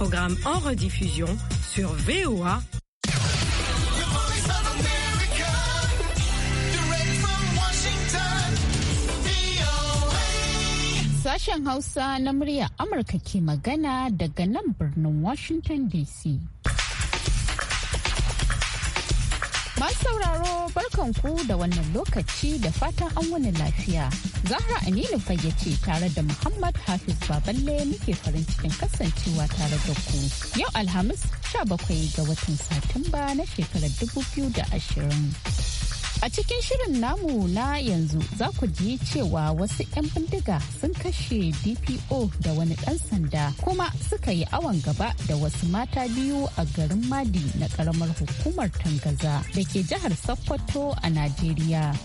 programme en rediffusion sur VOA. Sashen Hausa na murya Amurka ke magana daga nan Washington DC. Masu sauraro barkanku da wannan lokaci da fatan an wani lafiya. Zahra Aminu fayyace tare da Muhammad Hafiz Baballe muke farin cikin kasancewa tare da ku. Yau Alhamis 17 ga watan Satumba na shekarar 2020. A cikin shirin namu na yanzu za ku ji cewa wasu 'yan bindiga sun kashe DPO da wani ɗan sanda kuma suka yi awon gaba da wasu mata biyu a garin Madi na ƙaramar hukumar Tangaza da ke jihar Sokoto a Najeriya.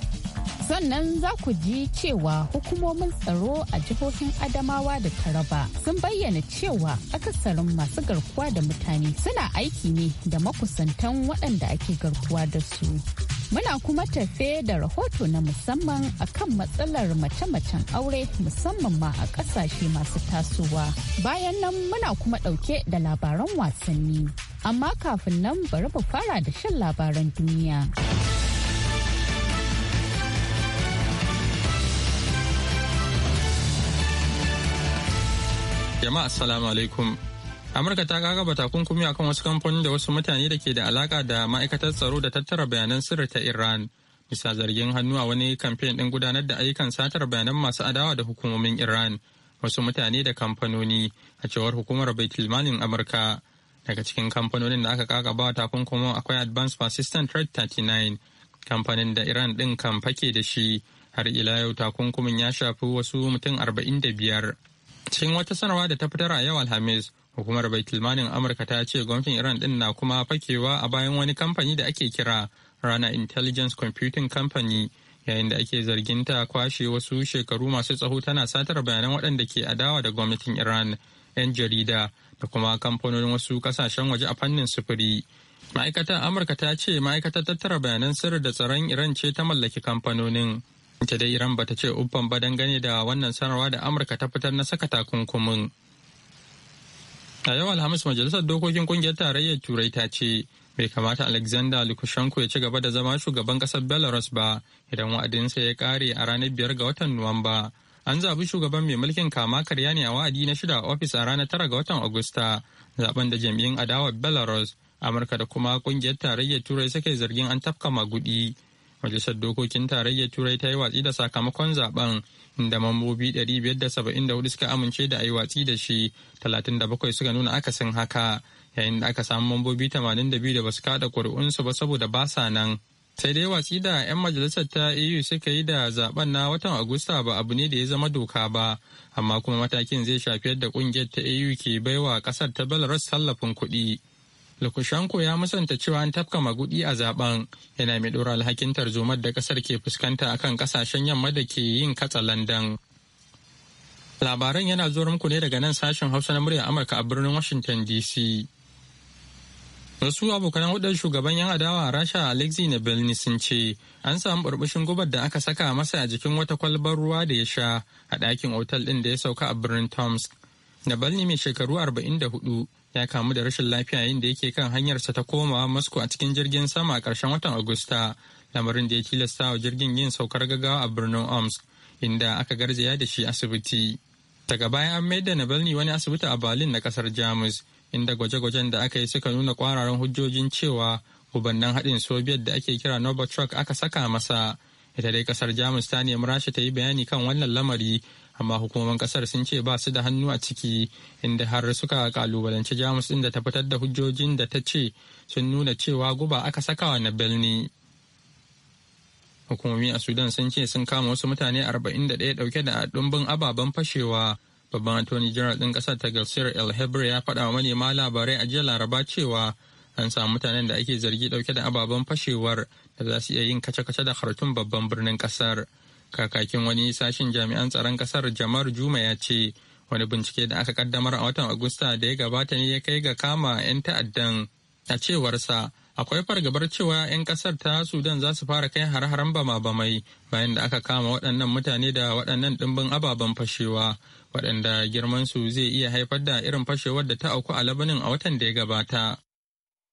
sannan za ku ji cewa hukumomin tsaro a jihohin adamawa da taraba sun bayyana cewa akasarin masu garkuwa da mutane suna aiki ne da makusantan waɗanda ake garkuwa da su Muna kuma tafe da rahoto na musamman a kan matsalar mace-macen aure musamman ma a ƙasashe masu tasowa. Bayan nan muna kuma ɗauke da labaran wasanni. Amma kafin nan bari mu fara da shan labaran duniya. Jama'a assalamu alaikum amurka ta gagaba takunkumi akan wasu kamfanin da wasu mutane da ke da alaka da ma'aikatar tsaro da tattara bayanan sirri ta iran bisa zargin hannu a wani kamfen din gudanar da ayyukan satar bayanan masu adawa da hukumomin iran wasu mutane da kamfanoni a cewar hukumar baitulmanin amurka daga cikin kamfanonin da aka ba takunkumi akwai advanced persistent threat 39 kamfanin da iran din kan fake da shi har ila yau takunkumin ya shafi wasu mutum 45 cikin wata sanarwa da ta fitar a yau alhamis Hukumar Baitulmanin Amurka ta ce gwamnatin Iran din na kuma fakewa a bayan wani kamfani da ake kira Rana Intelligence Computing Company yayin da ake zargin ta kwashe wasu shekaru masu tsaho tana satar bayanan waɗanda ke adawa da gwamnatin Iran, 'yan jarida da kuma kamfanonin wasu kasashen waje a fannin sufuri. Ma'aikatar Amurka ta ce ma'aikatar tattara bayanan sirri da tsaron Iran ce ta mallaki kamfanonin. Ita dai Iran bata ce uffan ba dangane da wannan sanarwa da Amurka ta fitar na saka takunkumin. a yau alhamis majalisar dokokin kungiyar tarayyar turai ta ce bai kamata alexander lukashenko ya ci gaba da zama shugaban kasar belarus ba idan wa'adinsa ya kare a ranar biyar ga watan nuwamba an zaɓi shugaban mai mulkin kama karya ne a wa'adi na shida a ofis a ranar tara ga watan agusta zaben da jami'in adawar belarus amurka da kuma kungiyar tarayyar turai suka zargin an tafka magudi Majalisar Dokokin Tarayyar Turai ta yi watsi da sakamakon zaben inda mambobi 574 suka amince da a yi watsi da shi 37 suka nuna akasin haka yayin da aka samu mambobi 82 da basu kada ƙuri'unsu ba saboda ba sa nan. Sai dai watsi da 'yan majalisar ta EU suka yi da zaben na watan Agusta ba abu ne da ya zama doka ba, amma kuma matakin zai shafi yadda ƙungiyar ta EU ke baiwa ƙasar ta Belarus tallafin kuɗi. Lukushenko ya musanta cewa an tafka magudi a zaben yana mai dora alhakin tarzomar da ƙasar ke fuskanta akan ƙasashen yamma da ke yin katsa Landan. Labaran yana zuwa muku ne daga nan sashen Hausa na muryar Amurka a birnin Washington DC. Wasu abokan hudar shugaban yan adawa a Rasha na Navalny sun ce an samu burbushin gubar da aka saka masa a jikin wata kwalbar ruwa da ya sha a dakin otal ɗin da ya sauka a birnin Tomsk. Navalny mai shekaru 44 ya kamu da rashin lafiya yayin da yake kan hanyarsa ta komawa Moscow a cikin jirgin sama a ƙarshen watan Agusta, lamarin da ya tilasta wa jirgin yin saukar gaggawa a birnin oms inda aka garzaya da shi asibiti. Daga baya an da Navalny wani asibiti a Berlin na kasar Jamus, inda gwaje-gwajen da aka yi suka nuna kwararan hujjojin cewa ubannin haɗin Soviet da ake kira Novichok aka saka masa. Ita dai ƙasar Jamus ta nemi Rasha ta yi bayani kan wannan lamari amma hukumomin kasar sun ce ba su da hannu a ciki inda har suka kalubalanci jamus din da ta fitar da hujjojin da ta ce sun nuna cewa guba aka sakawa na belni hukumomi a sudan sun ce sun kama wasu mutane 41 dauke da dumbin ababen fashewa babban attorney general din kasar ta galsir el ya faɗa wa manema labarai a jiya laraba cewa an samu mutanen da ake zargi dauke da ababen fashewar da za su iya yin kace-kace da hartun babban birnin kasar. kakakin wani sashen jami'an tsaron kasar jamar juma ya ce wani bincike da aka kaddamar a watan agusta da ya gabata ne ya kai ga kama 'yan ta'addan a cewarsa akwai fargabar cewa 'yan kasar ta sudan za su fara kai har-haren bama-bamai bayan da aka kama waɗannan mutane da waɗannan ɗimbin ababen fashewa waɗanda girmansu zai iya haifar da irin fashewar da ta auku a labanin a watan da ya gabata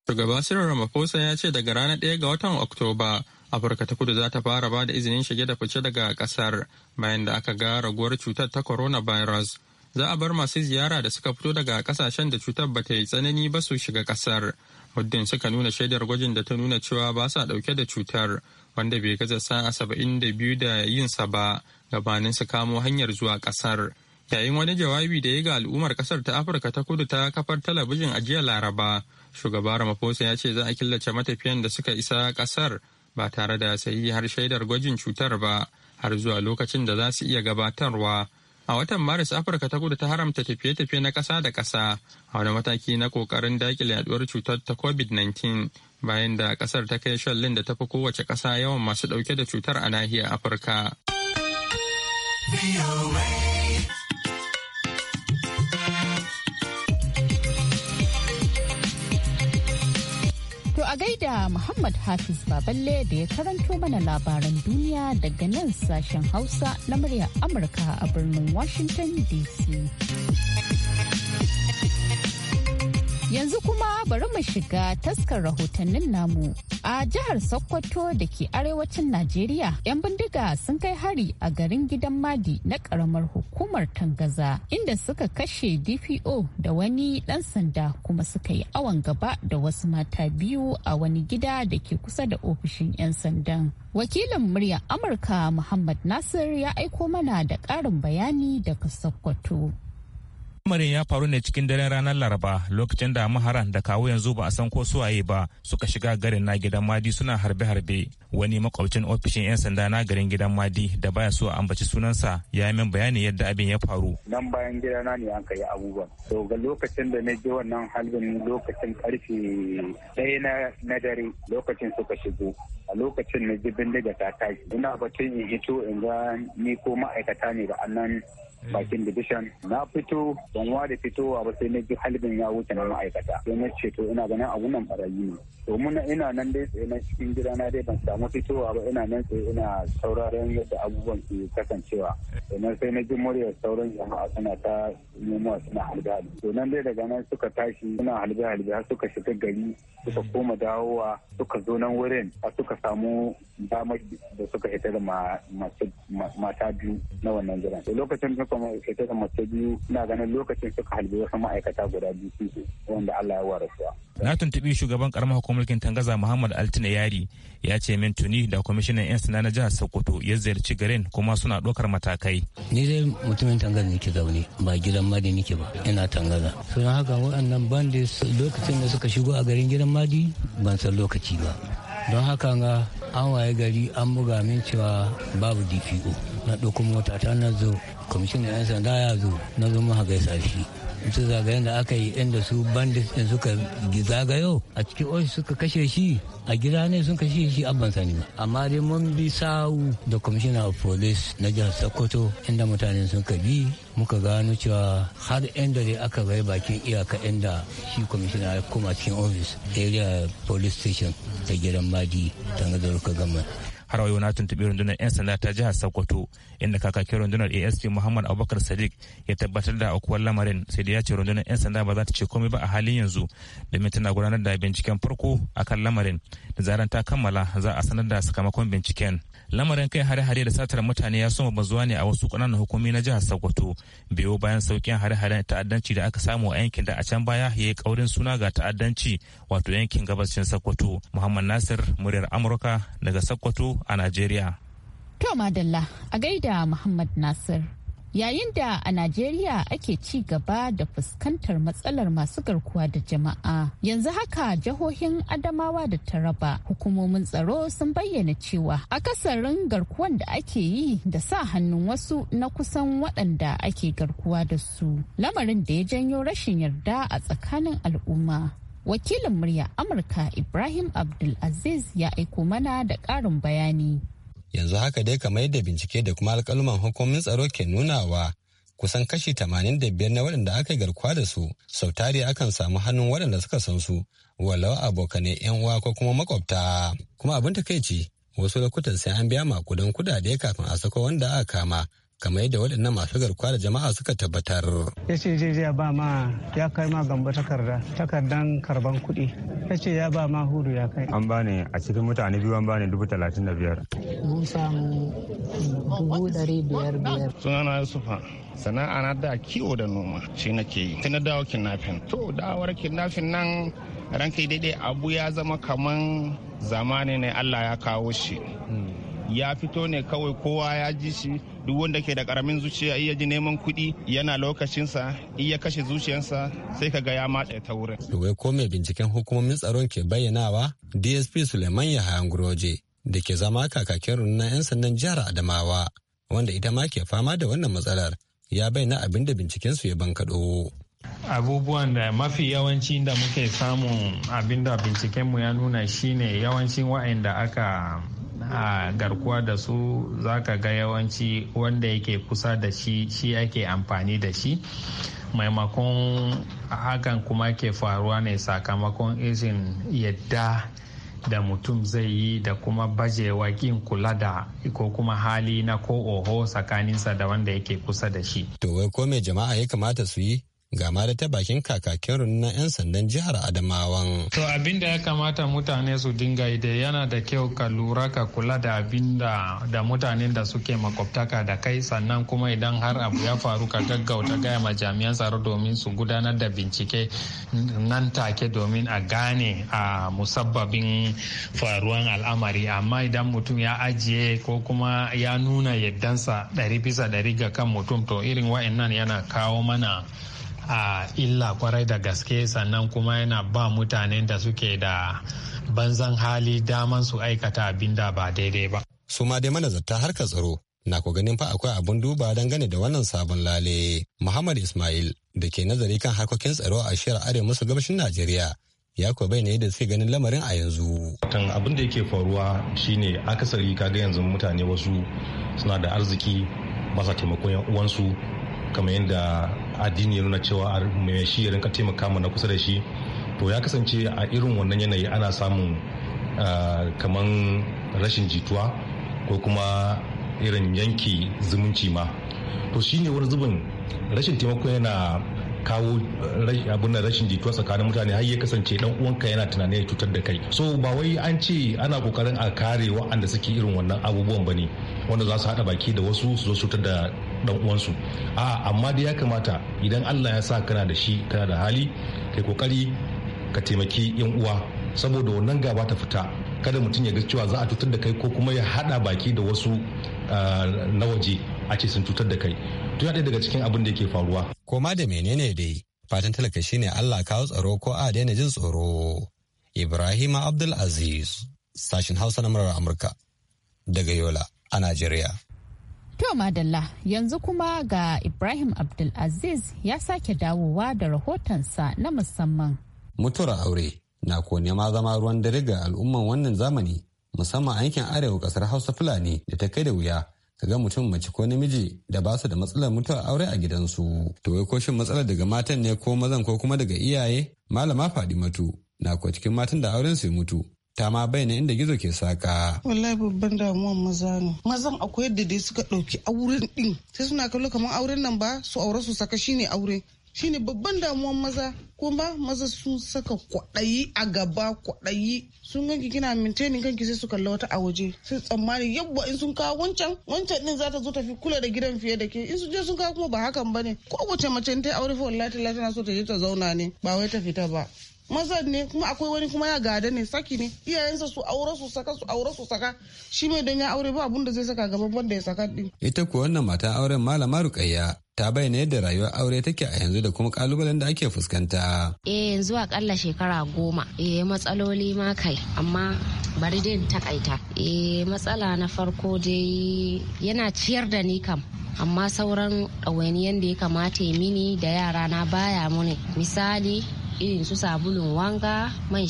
Shugaba Cyril Ramaphosa ya ce daga ranar ɗaya ga watan Oktoba, Afirka ta kudu za ta fara ba da izinin shige da fice daga kasar bayan da aka ga raguwar cutar ta coronavirus. Za a bar masu ziyara da suka fito daga kasashen da cutar ba ta yi tsanani ba su shiga kasar. Muddin suka nuna shaidar gwajin da ta nuna cewa ba sa ɗauke da cutar, wanda bai gaza sa'a saba'in da biyu da yinsa ba gabanin su kamo hanyar zuwa kasar. Yayin wani jawabi da ya ga al'ummar kasar ta Afirka ta kudu ta kafar talabijin a jiya Laraba, Shugaba Ramaphosa ya ce za a killace matafiyan da suka isa kasar ba tare da sayi har shaidar gwajin cutar ba har zuwa lokacin da za su iya gabatarwa. A watan Maris Afirka ta kudu ta haramta tafiye-tafiye na ƙasa da ƙasa a wani mataki na ƙoƙarin daƙile yaduwar cutar ta COVID-19 bayan da ƙasar ta kai shallin da ta fi kowace ƙasa yawan masu ɗauke da cutar a nahiyar Afirka. a gaida Muhammad Hafiz Baballe da ya karanto mana labaran duniya daga nan sashen Hausa na murya Amurka a birnin Washington DC. Yanzu kuma bari mu shiga taskar rahotannin namu. A jihar Sokoto da ke arewacin Najeriya, 'yan bindiga sun kai hari a garin gidan Madi na karamar hukumar Tangaza, inda suka kashe DPO da wani ɗan sanda kuma suka yi awon gaba da wasu mata biyu a wani gida da ke kusa da ofishin 'yan sandan. Wakilin Murya Amurka Muhammad Nasir ya aiko mana da ƙarin bayani daga Sokoto. Lamarin ya faru ne cikin daren ranar Laraba lokacin da maharan da kawo yanzu ba a san ko suwaye ba suka shiga garin na gidan Madi suna harbe-harbe. Wani makwabcin ofishin 'yan sanda na garin gidan Madi da baya so a ambaci sunansa ya yi min bayani yadda abin ya faru. Nan bayan gidana ne an kai abubuwan. To ga lokacin da na je wannan halin lokacin karfe ɗaya na dare lokacin suka shigo. a lokacin na ji bindiga ta tashi ina batun in hito in ga ni ko ma'aikata ne da annan Mm. bakin division na fito ban ware fitowa ba sai na ji halibin ya wuce na ma'aikata sai na ce to ina ganin abu nan barayi ne domin ina nan dai tsaye na cikin gida na dai ban samu fitowa ba ina nan tsaye ina sauraron yadda abubuwan ke kasancewa sannan sai na ji muryar sauran jama'a suna ta nemuwa suna halbe to nan dai daga nan suka tashi suna halbe halbe har suka shiga gari suka mm. koma dawowa suka zo nan wurin a suka samu damar da suka hita da mata biyu na wannan gidan to lokacin kuma ma'aikata mace biyu na ganin lokacin suka halbe wasu ma'aikata guda biyu su wanda Allah ya wara suwa. Na tuntuɓi shugaban karamar hukumar mulkin Tangaza Muhammad Altina Yari ya ce min tuni da kwamishinan 'yan sanda na jihar Sokoto ya ziyarci garin kuma suna ɗaukar matakai. Ni dai mutumin Tangaza nake zaune ba gidan Madi nake ba ina Tangaza. Sun haka waɗannan bandits lokacin da suka shigo a garin gidan Madi ban san lokaci ba. don haka nga an waye gari an buga min cewa babu dpo na ɗauko mota ta na zo da 'yan sanda ya zo na zo mu gaisa shi su zagayen da aka yi inda su bandit din suka zagayo a cikin ofis suka kashe shi a gida ne sun kashe shi abban sani ba amma dai mun bi sawu da commissioner of police na jihar sokoto inda mutane sun ka bi muka gano cewa har inda dai aka bai bakin iyaka inda shi commissioner ya koma cikin ofis area police station ta gidan madi tangadar ka gama har yau na tuntuɓi rundunar 'yan sanda ta jihar sokoto inda kakakin rundunar asp muhammad abubakar sadiq ya tabbatar da akuwar lamarin sai da ya ce rundunar 'yan sanda ba za ta ce komai ba a halin yanzu domin tana gudanar da binciken farko akan lamarin da zaran ta kammala za a sanar da sakamakon binciken lamarin kai hare-hare da satar mutane ya soma bazuwa ne a wasu ƙananan hukumi na jihar sokoto biyo bayan saukin hare-haren ta'addanci da aka samu a yankin da a can baya ya yi ƙaurin suna ga ta'addanci wato yankin gabashin sokoto muhammad nasir muryar amurka daga sokoto a najeriya to madalla a gaida muhammad nasir Yayin da a Najeriya ake ci gaba da fuskantar matsalar masu garkuwa da jama'a. Yanzu haka jihohin Adamawa da Taraba hukumomin tsaro sun bayyana cewa akasarin garkuwan da ake yi da sa hannun wasu na kusan waɗanda ake garkuwa da su. Lamarin da ya janyo rashin yarda a tsakanin al'umma. Wakilin murya Amurka Ibrahim Abdulaziz ya aiko mana da ƙarin bayani. yanzu haka dai kamar yadda bincike da kuma alkaluman hukumomin tsaro ke nunawa kusan kashi tamanin da biyar na waɗanda aka garkuwa da su sau tari akan samu hannun waɗanda suka san su walau abokanai yan uwa ko kuma makwabta kuma abin takaici wasu lokutan sai an biya makudan kudade kafin a sako wanda aka kama kamar yadda waɗannan masu garkuwa da jama'a suka tabbatar. Ya ce zai zai ba ma ya kai ma gamba takarda takardan karban kuɗi ya ce ya ba ma hudu ya kai. An bani a cikin mutane biyu an bani dubu talatin da biyar. Mun samu dubu ɗari biyar biyar. Sunana Yusufa. sana'a na da kiwo da noma shi nake yi Tana dawo kidnapping to dawar kidnapping nan ranka daidai abu ya zama kaman zamani ne allah ya kawo shi hmm. ya fito ne kawai kowa ya ji shi duk wanda ke da karamin zuciya iya ji neman kuɗi yana lokacinsa iya kashe zuciyarsa sai ka ga ya matse ta wurin. Wai ko mai binciken hukumomin tsaron ke bayyanawa DSP Suleiman Yahayan Guroje da ke zama kakakin rundunar 'yan sandan jihar Adamawa wanda ita ma ke fama da wannan matsalar ya bayyana abin da bincikensu ya bankaɗo. abubuwan da mafi yawanci da muke samun abinda bincikenmu ya nuna shine yawancin wa'anda aka a garkuwa da su zaka ga yawanci wanda yake kusa da shi shi ake amfani da shi maimakon hakan kuma ke faruwa ne sakamakon izin yadda da mutum zai yi da kuma bajewa kin kula da ko kuma hali na ko oho tsakaninsa da wanda yake kusa da shi. To wai ko mai jama'a ya kamata su yi ga da ta bakin kakakin rundunar 'yan sandan jihar adamawan to abin da ya kamata mutane su dinga yi da yana da kyau ka lura ka kula da abin da da da suke makwabtaka da kai sannan kuma idan har abu ya faru ka gaggauta gaya ma jami'an tsaro domin su gudanar da bincike nan take domin a gane a musabbabin faruwan al'amari amma idan mutum ya ajiye ko kuma ya nuna yaddansa ɗari bisa ɗari ga kan mutum to irin wa'annan yana kawo mana a illa kwarai da gaske sannan kuma yana ba mutanen da suke da banzan hali daman su aikata abin da ba daidai ba. su ma dai manazarta harka tsaro na ku ganin fa akwai abun duba gane da wannan sabon lale muhammad ismail da ke nazari kan harkokin tsaro a shirar arewa maso gabashin najeriya ya kuwa bai ne da suke ganin lamarin a yanzu. Tan abin da yake faruwa shine akasari kaga yanzu mutane wasu suna da arziki ba sa taimakon uwansu kamar yadda addini ya nuna cewa mai shi ya rinka taimaka na kusa da shi to ya kasance a irin wannan yanayi ana samun kaman rashin jituwa ko kuma irin yanki zumunci ma to shine wani zubin rashin taimako yana kawo abin rashin jituwa tsakanin mutane har ya kasance dan uwanka yana tunanin ya cutar da kai so ba wai an ce ana kokarin a kare wa'anda suke irin wannan abubuwan bane wanda za su hada baki da wasu su zo cutar da dan uwansu a amma dai ya kamata idan Allah ya sa kana da shi kana da hali kai kokari ka taimaki yan uwa saboda wannan gaba ta fita kada mutum ya ga cewa za a cutar da kai ko kuma ya hada baki da wasu ah, na waje a ce sun cutar da kai to ya daga cikin abin da yake faruwa koma da menene dai fatan talaka shine Allah kawo tsaro ko a daina jin tsoro Ibrahim Abdul Aziz sashin Hausa na murar Amurka daga Yola a nigeria. To Madalla yanzu kuma ga Ibrahim Abdul Aziz ya sake dawowa da rahotonsa na musamman mutuwar aure na ko nema zama ruwan dare ga al'umman wannan zamani musamman a yankin arewa kasar hausa fulani da ta kai da wuya Ka ga mutum mace ko namiji da ba su da matsalar mutuwa aure a gidansu to wai ko shin matsalar daga matan ne ko mazan ko kuma daga iyaye malama fadimatu na ko cikin matan da auren su mutu ta ma bayyana inda gizo ke saka. Wallahi babban damuwan maza ne. Mazan akwai yadda dai suka ɗauki auren ɗin. Sai suna kallo kamar auren nan ba su aure su saka shine aure. shine babban damuwan maza kuma maza sun saka kwaɗayi a gaba kwaɗayi sun ganki kina minteni kanki sai su kalla wata a waje sai tsammani yabba in sun kawo wancan wancan din za ta zo tafi kula da gidan fiye da ke in sun je sun kawo kuma ba hakan bane wace mace ta aure fa wallahi tana so ta je ta zauna ne ba wai ta fita ba mazan ne kuma akwai wani kuma ya gada ne saki ne iyayensa su aure su saka su aure su saka shi mai don ya aure ba abun da zai saka gaban wanda ya saka din ita kuwa wannan mata auren malama rukayya ta bayyana yadda rayuwar aure take a yanzu da kuma kalubalen da ake fuskanta eh yanzu akalla shekara goma eh matsaloli ma kai amma bari dai kaita. eh matsala na farko dai yana ciyar da ni kam amma sauran ɗawainiyan da ya kamata ya mini da yara na baya muni misali irin su sabulun wanga man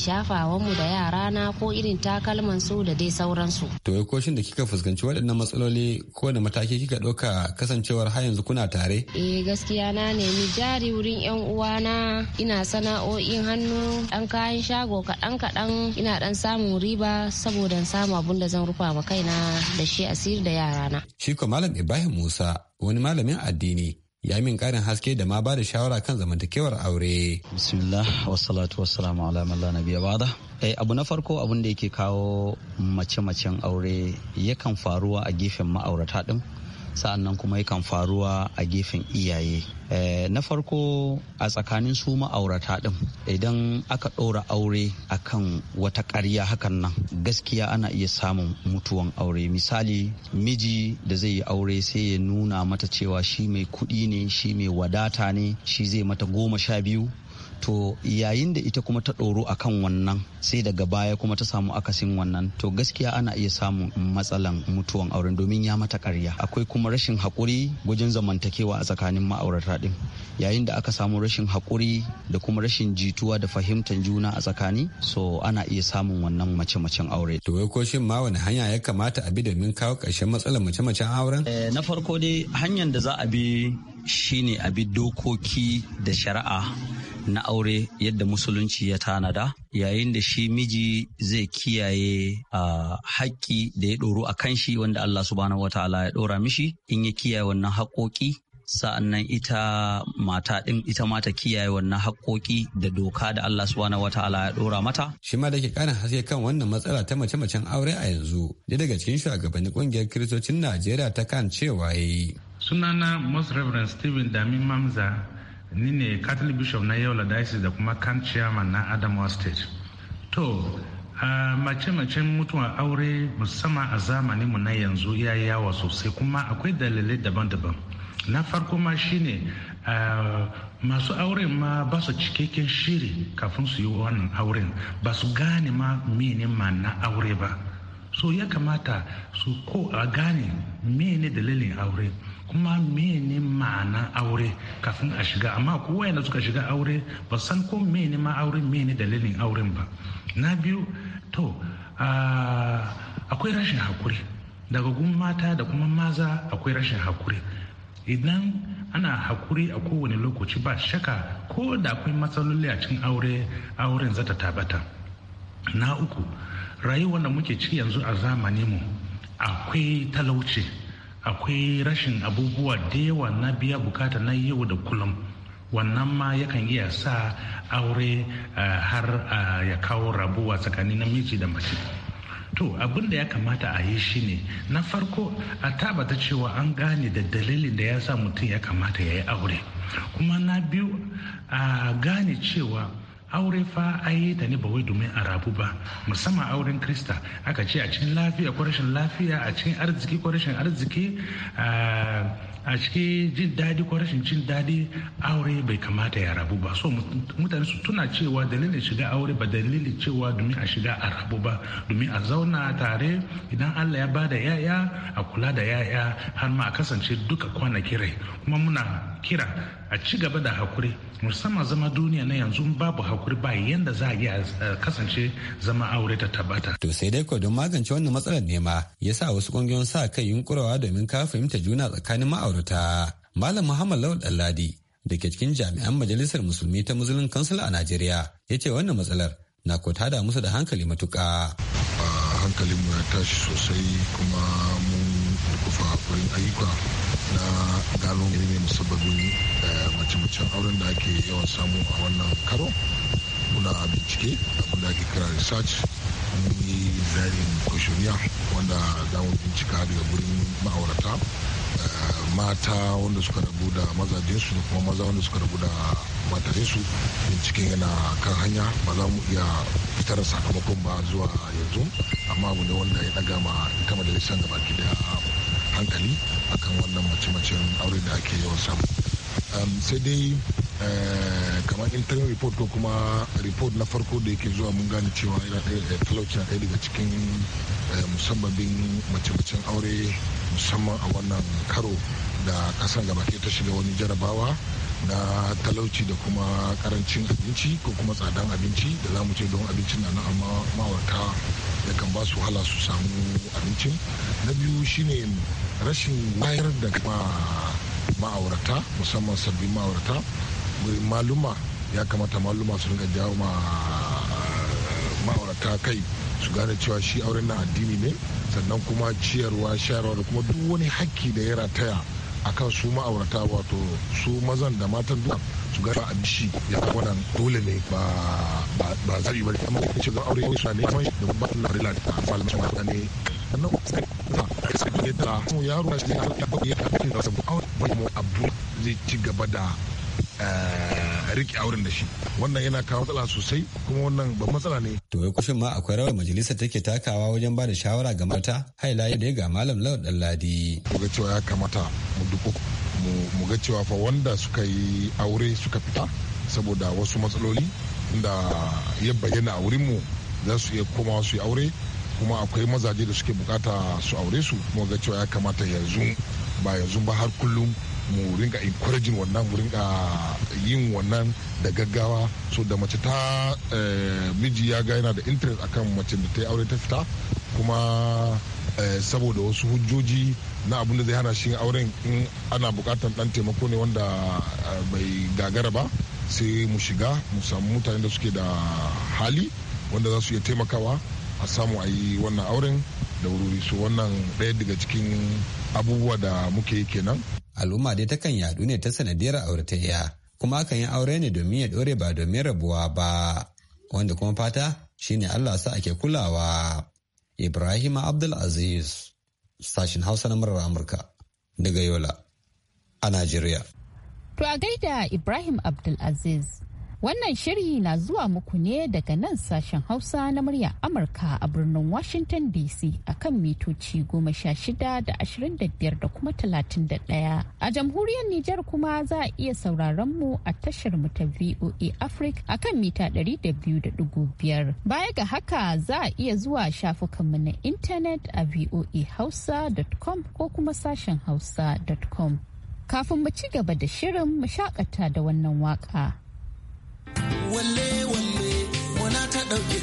mu da yarana ko irin takalman su da dai sauransu. To ya koshin da kika fuskanci waɗannan matsaloli ko da mataki kika ɗauka kasancewar har yanzu kuna tare? Eh gaskiya na nemi jari wurin 'yan uwana ina sana'o'in hannu ɗan kayan shago kaɗan kaɗan ina ɗan samun riba saboda samun abun da zan rufa ma kaina da shi asiri da yarana. Shi ko Malam Ibrahim Musa wani malamin addini ya min karin haske da ma bada shawara kan zamantakewar aure. Bismillah wassalatu wassalamu ala man na biya ba'da. Eh abu na farko abin da yake kawo mace-macen aure yakan faruwa a gefen ma'aurata din Sannan kuma yakan faruwa a gefen iyaye eh, na farko a tsakanin su ma'aurata ɗin idan aka ɗora aure a kan wata ƙarya hakan nan gaskiya ana iya samun mutuwan aure misali miji da zai yi aure sai ya nuna mata cewa shi mai kuɗi ne shi mai wadata ne shi zai mata goma sha biyu to yayin da ita kuma ta ɗoro a kan wannan sai daga baya kuma ta samu akasin wannan to gaskiya ana iya samun matsalan mutuwan auren domin ya mata karya akwai kuma rashin hakuri wajen zamantakewa a tsakanin ma'aurata ɗin yayin da aka samu rashin hakuri da kuma rashin jituwa da fahimtar juna a tsakani so ana iya samun wannan mace-macen aure. to wai ko shin ma wani hanya ya kamata a bi domin kawo ƙarshen matsalar mace-macen auren? Eh, na farko dai hanyar da za a bi shine a bi dokoki da shari'a na aure yadda musulunci ya tanada yayin da shi miji zai kiyaye a haƙƙi da ya ɗoro a kan shi wanda Allah subhanahu wa ta'ala ya ɗora mishi in ya kiyaye wannan haƙoƙi sa'annan ita mata ɗin ita mata kiyaye wannan haƙoƙi da doka da Allah subhanahu wa ta'ala ya ɗora mata. Shi ma da ke ƙarin haske kan wannan matsala ta mace-macen aure a yanzu, da daga cikin shugabannin ƙungiyar Kiristocin Najeriya ta kan cewa ya yi. Sunana Most Reverend Stephen Damin Mamza ni ne catholic bishop na yola diocese da kuma kan chairman na adamawa state to a mace-macen mutuwa aure musamman a mu na yanzu ya yawa sosai kuma akwai dalilai daban-daban na farko ma shine masu auren ma ba su cikakken shiri kafin su yi wannan auren ba su gane ma mene ma na aure ba so ya kamata su ko a gane mene dalilin aure kuma mene ma'ana aure kafin a shiga amma kowa yana suka shiga aure ba san ko mene ma aure mene dalilin auren ba na biyu to akwai rashin hakuri daga gun mata da kuma maza akwai rashin hakuri idan ana hakuri a kowane lokaci ba shaka ko da akwai matsaloli a cikin aure auren zata tabata na uku rayuwar da muke ciki yanzu a mu akwai talauci akwai rashin abubuwa da yawa na biya bukata na yau da kullum wannan ma yakan iya sa aure eh, har eh, ya kawo rabuwa tsakanin namiji da mace to abin da ya kamata a yi shi ne na farko a tabata cewa an gane da dalilin da ya sa mutum ya kamata ya yi aure kuma na biyu a gane cewa aure fa yi ta ne ba wai domin a rabu ba musamman auren krista aka ce a cikin lafiya ko rashin lafiya a cikin arziki ko rashin arziki a cikin jin daɗi ko rashin jin daɗi aure bai kamata ya rabu ba so mutane su tuna cewa dalilin shiga aure ba dalilin cewa domin a shiga a rabu ba domin a zauna tare idan allah ya bada yaya a kula da yaya har ma a kasance duka kwanaki rai kuma muna kira a ci gaba da hakuri musamman zama duniya na yanzu babu hakuri ba yadda za a iya eh, kasance zama aure ta tabbata. To sai dai ko don magance wannan matsalar nema ya sa wasu ƙungiyoyin sa kai yunkurawa domin ka fahimta juna tsakanin ma'aurata. Malam Muhammad Lawal Dalladi da ke cikin jami'an majalisar musulmi ta musulun Council a Najeriya ya ce wannan matsalar na ko tada musu da hankali matuƙa. Hankalinmu ya tashi sosai kuma mun kufa ayyuka na gano ne musabbabin eh, mace-macen auren da ake yawan samu a wannan karo muna bincike abin da ake kira research mun yi zarin koshoniya wanda za mu bincika daga gurin ma'aurata eh, mata wanda suka rabu da mazajensu da kuma maza wanda suka rabu da su binciken yana kan hanya ba za mu iya fitar sakamakon ba zuwa yanzu amma abu ne wanda ya daga ma ita majalisar gaba daya hankali akan wannan mace-macen aure da ake yawan samu sai dai eh, kamar interim report ko kuma report na farko da yake zuwa mun gane cewa eh, talauci na ɗaya daga cikin eh, musabbabin mace-macen aure musamman a wannan karo da kasan gabaki ta shiga wani jarabawa na talauci da kuma karancin abinci ko kuma tsadan abinci da za mu ce don abincin na nan amma mawarta kan ba su wahala su samu abincin na biyu shine rashin wayar da ma'aurata musamman sabbin ma'aurata maluma ya kamata maluma su riga jawo ma eh, ma'aurata kai su gane cewa shi auren na addini ne sannan kuma ciyarwa shayarwa da kuma duk wani hakki da ya rataya akan su ma'aurata wato su mazan da matan duka su ga a bishi ya wannan dole ne ba ba zabi ba amma ko ce ga aure ne shane san da ba na rila da falmi ma ne nan sai da yaro na shi ya ba ya da aure ba mu abu zai ci gaba da Eh, riƙe auren da shi wannan yana kawo matsala sosai kuma wannan ba matsala ne. to ya kushin ma akwai rawar majalisar take takawa wajen ba da shawara ga mata haila da ga malam lawan ɗanladi. ga cewa ya kamata mu duku mu ga cewa fa wanda suka yi aure suka fita saboda wasu matsaloli da ya bayyana a wurinmu za su iya komawa su yi aure kuma akwai mazaje da suke bukata su aure su kuma ga cewa ya kamata yanzu ba yanzu ba har kullum mu rinka encouraging wannan mu rinka yin wannan da gaggawa so da mace ta eh, miji ya ga yana da interest akan mace da ta yi aure ta fita kuma eh, saboda wasu hujjoji na abin da zai hana shi auren in ana bukatar dan taimako ne wanda eh, bai gagara ba sai mu shiga mu samu mutane da suke da hali wanda za su iya taimakawa a samu a yi wannan auren da wuri su wannan daya daga cikin abubuwa da muke yi kenan al'umma dai takan yadu ne ta sanadiyar auratayya kuma akan yi aure ne domin ya dore ba domin rabuwa ba wanda kuma fata shine Allah sa ake kulawa Ibrahim Abdul Aziz sashin Hausa na murar Amurka daga Yola a Najeriya to a gaida Ibrahim Abdul Aziz Wannan shirin na zuwa muku ne daga nan sashen Hausa na murya Amurka a birnin Washington DC akan mitoci goma sha shida da ashirin da biyar da kuma talatin da ɗaya. A jamhuriyar Nijar kuma za a iya sauraron mu a tashar mu ta VOA Africa akan mita ɗari da biyu da ɗigo biyar. Baya ga haka za a iya zuwa shafukanmu na intanet a voahausa.com ko kuma sashen hausa.com. Kafin mu ci gaba da shirin mu shakata da wannan waka. walle walle wana ta ɗauke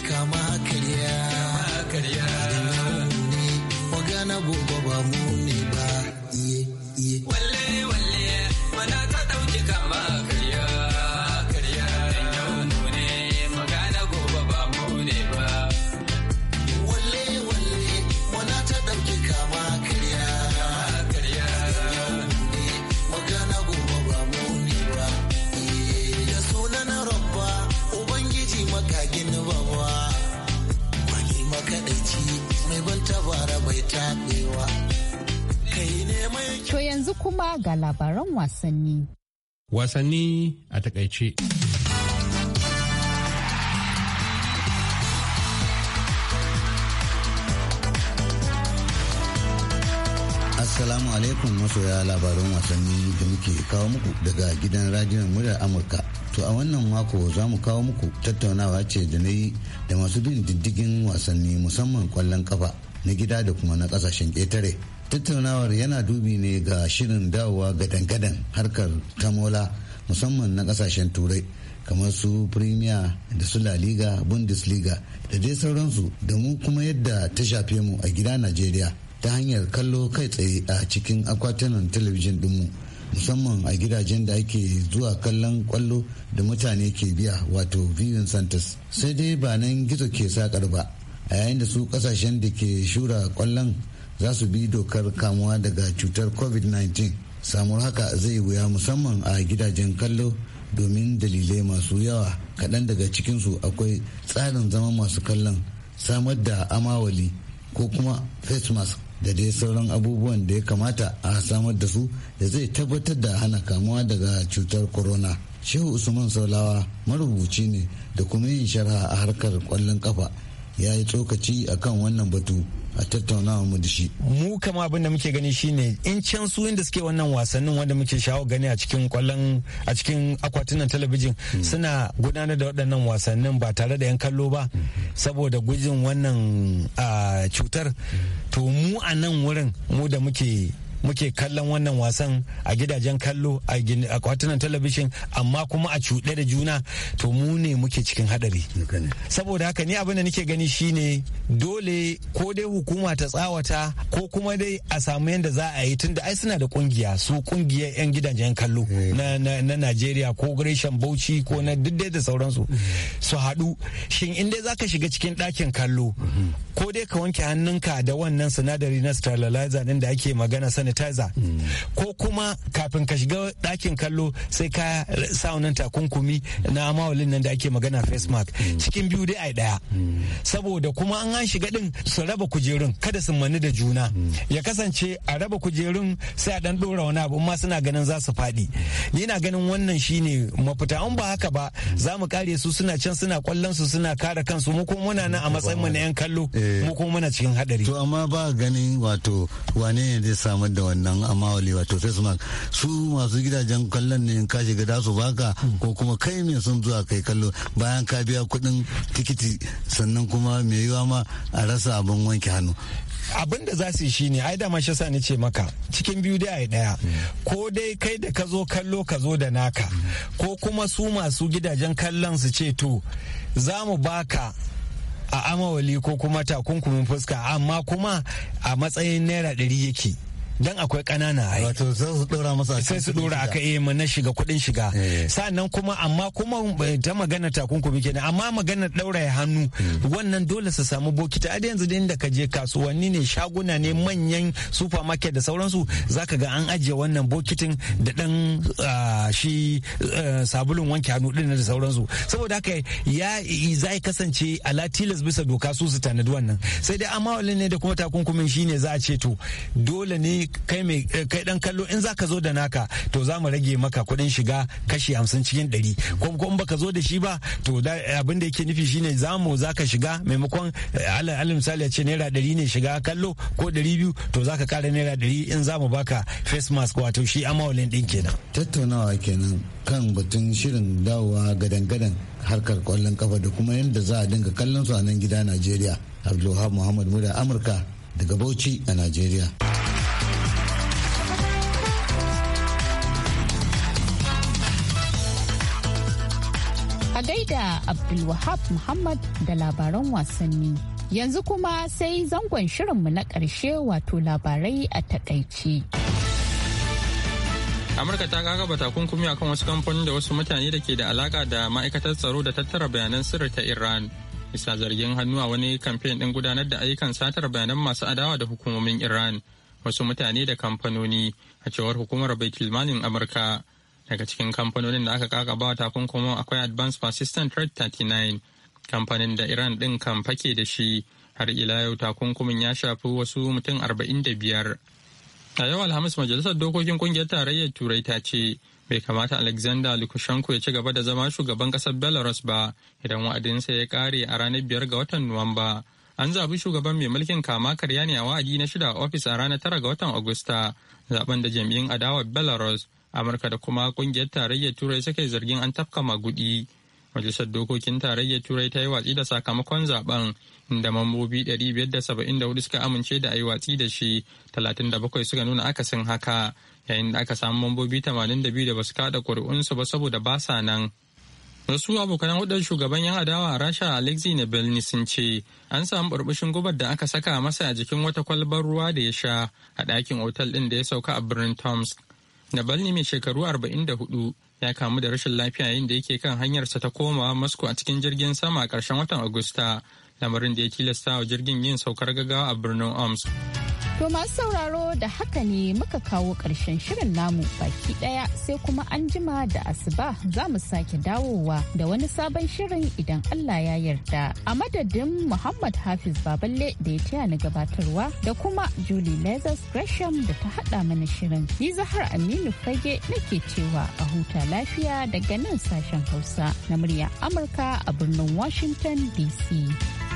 wasanni. Wasanni a takaice. Assalamu alaikum masoya labarin wasanni da muke kawo muku daga gidan radiyon muryar Amurka. To a wannan mako za mu kawo muku tattaunawa ce da na yi da masu bin diddigin wasanni musamman kwallon kafa. na gida da kuma na kasashen ƙetare tattaunawar yana dubi ne ga shirin dawowa gadan-gadan harkar tamola musamman na kasashen turai kamar su premier da su la liga bundesliga da dai sauransu da mu kuma yadda ta shafe mu a gida najeriya ta hanyar kallo kai tsaye a cikin akwatunan talabijin dinmu musamman a gidajen da ake zuwa kallon kwallo da mutane ke biya wato viewing centers sai dai ba nan gizo ke sakar ba a yayin da su kasashen da ke shura kwallon za su bi dokar kamuwa daga cutar covid-19 samuwar haka zai wuya musamman a gidajen kallo domin dalilai masu yawa kaɗan daga cikinsu akwai tsarin zama masu kallon samar da amawali ko kuma face mask da dai sauran abubuwan da ya kamata a samar da su da zai tabbatar da hana kamuwa daga cutar corona shehu usman saulawa marubuci ne da kuma yin sharha a harkar kwallon kafa ya yi tsokaci akan wannan batu a tattaunawa mu da shi. Mu kama abin da muke gani shine in can su inda suke wannan wasannin wanda muke shawo gani a cikin kwallon a cikin akwatunan talabijin mm. suna gudanar da waɗannan wasannin ba tare da 'yan kallo ba mm. saboda gujin wannan ah, cutar mm. to mu a nan wurin mu da muke muke kallon wannan wasan a gidajen kallo a kwatunan talabishin amma kuma a cuɗe da juna to mu ne muke cikin hadari saboda haka ni abin da nake gani shine dole ko dai hukuma ta tsawata ko kuma dai a samu yadda za a yi tunda ai suna da kungiya su kungiyar yan gidajen kallo eh. na Najeriya ko Gresham Bauchi ko na duk da sauransu eh. su haɗu shin in dai zaka shiga cikin ɗakin kallo mhm. ko dai ka wanke hannunka da wannan sinadari na sterilizer ɗin da ake magana sanin sanitizer ko kuma kafin ka shiga dakin kallo sai ka sa wannan takunkumi na mawalin nan da ake magana face mask cikin biyu dai ai daya saboda kuma an an shiga din su raba kujerun kada su mani da juna ya kasance a raba kujerun sai a dan dora wani abu ma suna ganin za su faɗi ni na ganin wannan shine mafita an ba haka ba za mu kare su suna can suna kwallon su suna kare kansu mu kuma muna nan a matsayin mu na yan kallo eh. mu kuma muna cikin hadari to amma ba ganin wato wane ne zai samar da da wannan amawali wato face mask su masu gidajen kallon ne ka shiga da su baka ko kuma kai ne sun zuwa kai kallo bayan ka biya kuɗin tikiti sannan kuma mai yiwa ma a rasa abin wanke hannu abin da za su yi shine ai ma shi ni ce maka cikin biyu dai ai daya ko dai kai da ka zo kallo ka zo da naka ko kuma su masu gidajen kallon su ce to za mu baka a amawali ko kuma takunkumin fuska amma kuma a matsayin naira ɗari yake dan akwai ƙanana ai wato sai su dora masa sai su dora aka yi mu na shiga kuɗin shiga eh. sa'annan kuma amma kuma eh, ta magana takunkumi kenan amma magana daura hannu hmm. wannan dole su samu bokiti a yanzu da inda ka je kasuwanni ne shaguna ne manyan supermarket da sauransu zaka ga an ajiye wannan bokitin da dan ah, shi eh, sabulun wanke hannu din da sauransu saboda haka ya zai kasance ala tilas bisa doka su su tanadi wannan sai dai amma ne da kuma takunkumin shine za a ce to dole ne kai mai eh, kai dan kallo in zaka zo da naka to za mu rage maka kuɗin shiga kashi hamsin cikin ɗari ko in baka zo da shi ba to eh, abin da yake nufi shine za mu zaka shiga maimakon eh, alal misali ce naira ɗari ne shiga kallo ko ɗari biyu to zaka kara naira ɗari in za mu baka face mask wato shi amawalin ɗin kenan. tattaunawa kenan kan batun shirin dawowa gadan-gadan harkar kwallon kafa da kuma yadda za a dinga kallon su a nan gida najeriya abdulwahab muhammad muda amurka daga bauchi a najeriya. A gaida Abdulwahab Muhammad da labaran wasanni. Yanzu kuma sai zangon shirinmu na ƙarshe wato labarai a takaici. Amurka ta gagaba takunkumi kan wasu kamfanin da wasu mutane da ke da alaka da ma'aikatar tsaro da tattara bayanan sirri ta Iran. isa zargin hannu a wani kamfen din gudanar da ayyukan satar bayanan masu adawa da hukumomin Iran. Wasu mutane da kamfanoni a cewar hukumar Baitulmanin Amurka. Daga cikin kamfanonin da aka kakaba takunkumin akwai advance Persistent Threat 39, kamfanin da Iran din kan fake da shi har ila yau takunkumin ya shafi wasu mutum 45. A yau Alhamis Majalisar Dokokin Kungiyar Tarayyar Turai ta ce bai kamata Alexander Lukashenko ya ci gaba da zama shugaban kasar Belarus ba idan wa'adinsa ya kare a ranar biyar ga watan Nuwamba. An zabi shugaban mai mulkin kama karya ne a wa'adi na shida a ofis a ranar tara ga watan Agusta zaben da jami'in adawar Belarus amurka da kuma kungiyar tarayyar turai suka yi zargin an tafka magudi majalisar dokokin tarayyar turai ta yi watsi da sakamakon zaben inda mambobi 574 suka amince da a yi watsi da shi 37 suka nuna akasin haka yayin da aka samu mambobi 82 da basu kada kuri'unsu ba saboda ba sa nan wasu abokan hudar shugaban yan adawa a rasha alexei navalny sun ce an samu burbushin gubar da aka saka masa a jikin wata kwalbar ruwa da ya sha a ɗakin otal ɗin da ya sauka a birnin tomsk Navalny mai shekaru 44 ya kamu da rashin lafiya yayin da yake kan hanyarsa ta komawa Moscow a cikin jirgin sama a ƙarshen watan Agusta, lamarin da ya tilasta wa jirgin yin saukar gaggawa a birnin Omsk. To masu sauraro da haka ne muka kawo ƙarshen shirin namu baki ɗaya sai kuma an jima da asuba za mu sake dawowa da wani sabon shirin idan Allah ya yarda. A madadin Muhammad Hafiz Baballe da ya taya ni gabatarwa da kuma Julie Lazarus Gresham da ta haɗa mana shirin. Ni Zahar Aminu Fage nake cewa a huta lafiya daga nan sashen Hausa na murya Amurka a birnin Washington DC.